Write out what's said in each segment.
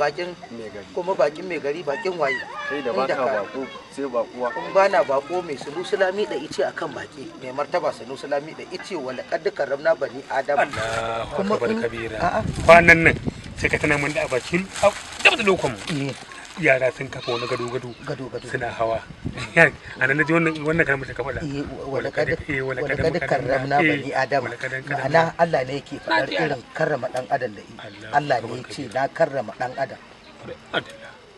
bakin kuma bakin mai gari bakin waye kai da baka bako sai bakuwa kun bana bako mai sunu sulami da ice akan baki mai martaba sunu sulami da ice wala kaddukan ramna bani adam Allahu akbar kabira kwanan nan sai ka tana mun da bakin da lokon mu yara sun kafa wani gado gado suna hawa a nan naji wannan wannan kalmar ta kafa da wala kada karramna eh, bani adam ma'ana Allah ne yake faɗar irin karrama dan adam da Allah ne ce na karrama dan adam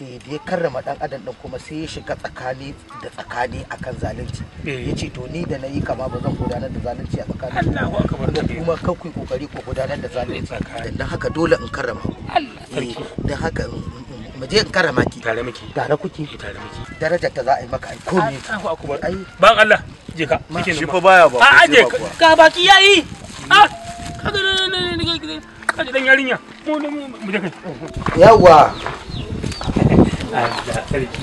eh, da ya karrama dan adam din kuma sai ya shiga tsakani da tsakani akan zalunci eh. ya ce to ni da na yi kama ba zan gudanar da zalunci a tsakanin kuma kuma kai kokari ko gudanar da zalunci dan haka dole in karrama dan haka mu je kara maki tare miki tare kuke tare darajar ta za a yi maka ai ban Allah je ka kike shi fa baya ba a je ka baki yayi ah kaga ne ne ne dan yarinya mu mu je kai yawa Allah sarki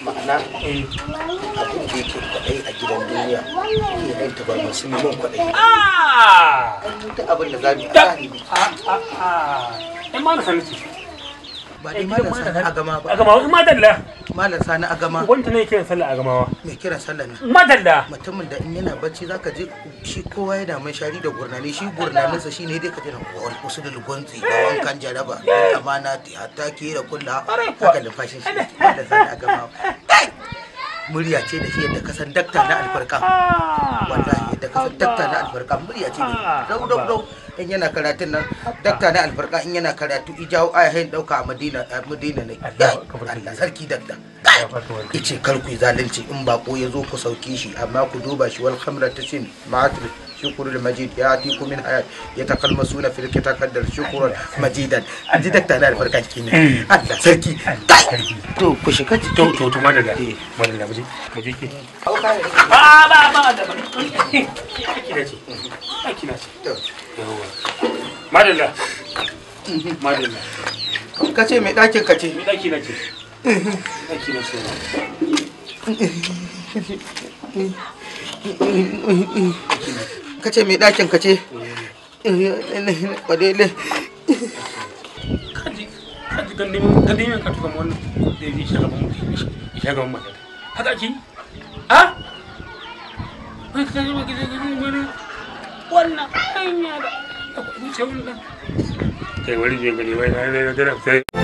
ma'ana eh, abin da yake kwaɗai a gidan duniya ke nan ta bada neman kwaɗai. Ah! abin da za mu yi a tsari biki. Ɗan ma da sanci. Ba dai ma da a gama ba. A gama ma da Malam Sani Agama. Wanda ne kiran sallah Agamawa? Mai kiran sallah ne. Madalla. Mutumin da in yana bacci zaka je shi kowa yana mai shari da gurnani shi sa shine dai ka ji wani kusa da gonzi da eh. wankan jaraba eh. amana ti hatta ke da kullu haka lumfashin shi. Eh. Malam Sani Agamawa. murya ce da shi yadda kasan dakta na alfarka ah. wallahi yadda kasan dakta na alfarka murya ce da dau ah. dau dau in yana karatun nan dakta na alfarka in yana karatu ijawo aya hain dauka a madina a madina ne Allah sarki dakta ice karku zalunci in bako ya zo ku sauke shi amma ku duba shi wal khamra tashin ma'atul شكر المجيد ياتيكم من حياة يتقلمسون في الكتقدر شكرا مجيدا انت دك تانا الفرقان كينا الله سركي تو كشكت تو ba ba ba ba madalla madalla ka ce mai ɗakin ka ce mai ɗaki na ce ɗaki na ka ce mai ɗakin ka ce kaji kaji ka tuka wannan eh, shagaban haka ki a? wannan hanya da akwai wannan na